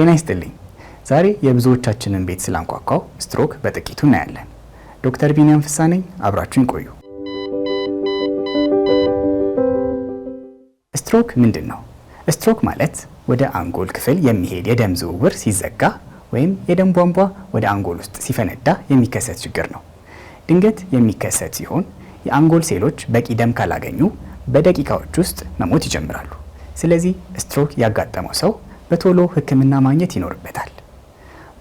ጤና ይስጥልኝ። ዛሬ የብዙዎቻችንን ቤት ስላንኳኳው ስትሮክ በጥቂቱ እናያለን። ዶክተር ቢኒያም ፍስሐ ነኝ። አብራችሁን ቆዩ። ስትሮክ ምንድን ነው? ስትሮክ ማለት ወደ አንጎል ክፍል የሚሄድ የደም ዝውውር ሲዘጋ ወይም የደም ቧንቧ ወደ አንጎል ውስጥ ሲፈነዳ የሚከሰት ችግር ነው። ድንገት የሚከሰት ሲሆን የአንጎል ሴሎች በቂ ደም ካላገኙ በደቂቃዎች ውስጥ መሞት ይጀምራሉ። ስለዚህ ስትሮክ ያጋጠመው ሰው በቶሎ ህክምና ማግኘት ይኖርበታል።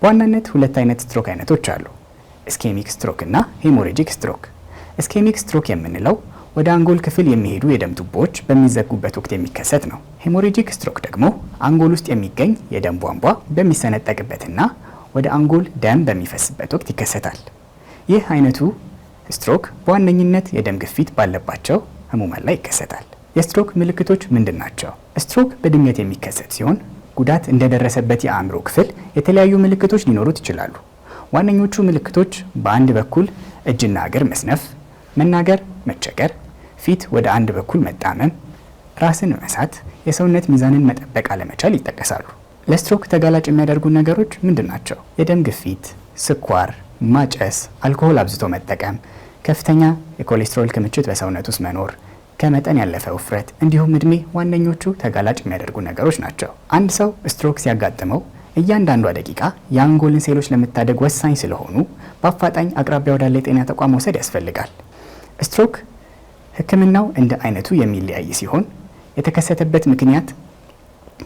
በዋናነት ሁለት አይነት ስትሮክ አይነቶች አሉ፣ ስኬሚክ ስትሮክ እና ሄሞሬጂክ ስትሮክ። ስኬሚክ ስትሮክ የምንለው ወደ አንጎል ክፍል የሚሄዱ የደም ቱቦዎች በሚዘጉበት ወቅት የሚከሰት ነው። ሄሞሬጂክ ስትሮክ ደግሞ አንጎል ውስጥ የሚገኝ የደም ቧንቧ በሚሰነጠቅበትና ወደ አንጎል ደም በሚፈስበት ወቅት ይከሰታል። ይህ አይነቱ ስትሮክ በዋነኝነት የደም ግፊት ባለባቸው ህሙማን ላይ ይከሰታል። የስትሮክ ምልክቶች ምንድን ናቸው? ስትሮክ በድንገት የሚከሰት ሲሆን ጉዳት እንደደረሰበት የአእምሮ ክፍል የተለያዩ ምልክቶች ሊኖሩት ይችላሉ። ዋነኞቹ ምልክቶች በአንድ በኩል እጅና እግር መስነፍ፣ መናገር መቸገር፣ ፊት ወደ አንድ በኩል መጣመም፣ ራስን መሳት፣ የሰውነት ሚዛንን መጠበቅ አለመቻል ይጠቀሳሉ። ለስትሮክ ተጋላጭ የሚያደርጉ ነገሮች ምንድን ናቸው? የደም ግፊት፣ ስኳር፣ ማጨስ፣ አልኮሆል አብዝቶ መጠቀም፣ ከፍተኛ የኮሌስትሮል ክምችት በሰውነት ውስጥ መኖር ከመጠን ያለፈ ውፍረት እንዲሁም እድሜ ዋነኞቹ ተጋላጭ የሚያደርጉ ነገሮች ናቸው። አንድ ሰው ስትሮክ ሲያጋጥመው እያንዳንዷ ደቂቃ የአንጎልን ሴሎች ለመታደግ ወሳኝ ስለሆኑ በአፋጣኝ አቅራቢያ ወዳለ የጤና ተቋም መውሰድ ያስፈልጋል። ስትሮክ ሕክምናው እንደ አይነቱ የሚለያይ ሲሆን የተከሰተበት ምክንያት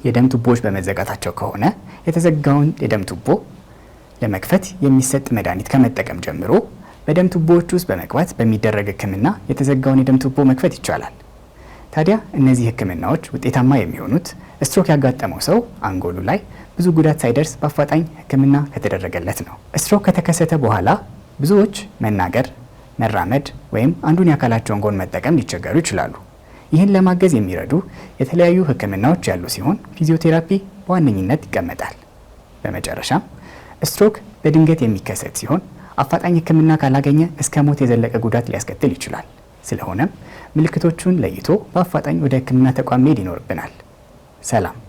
የደም ቱቦዎች በመዘጋታቸው ከሆነ የተዘጋውን የደም ቱቦ ለመክፈት የሚሰጥ መድኃኒት ከመጠቀም ጀምሮ በደም ቱቦዎች ውስጥ በመግባት በሚደረግ ህክምና የተዘጋውን የደም ቱቦ መክፈት ይቻላል። ታዲያ እነዚህ ህክምናዎች ውጤታማ የሚሆኑት ስትሮክ ያጋጠመው ሰው አንጎሉ ላይ ብዙ ጉዳት ሳይደርስ በአፋጣኝ ህክምና ከተደረገለት ነው። ስትሮክ ከተከሰተ በኋላ ብዙዎች መናገር፣ መራመድ ወይም አንዱን የአካላቸውን ጎን መጠቀም ሊቸገሩ ይችላሉ። ይህን ለማገዝ የሚረዱ የተለያዩ ህክምናዎች ያሉ ሲሆን ፊዚዮቴራፒ በዋነኝነት ይቀመጣል። በመጨረሻም ስትሮክ በድንገት የሚከሰት ሲሆን አፋጣኝ ሕክምና ካላገኘ እስከ ሞት የዘለቀ ጉዳት ሊያስከትል ይችላል። ስለሆነም ምልክቶቹን ለይቶ በአፋጣኝ ወደ ሕክምና ተቋም መሄድ ይኖርብናል። ሰላም።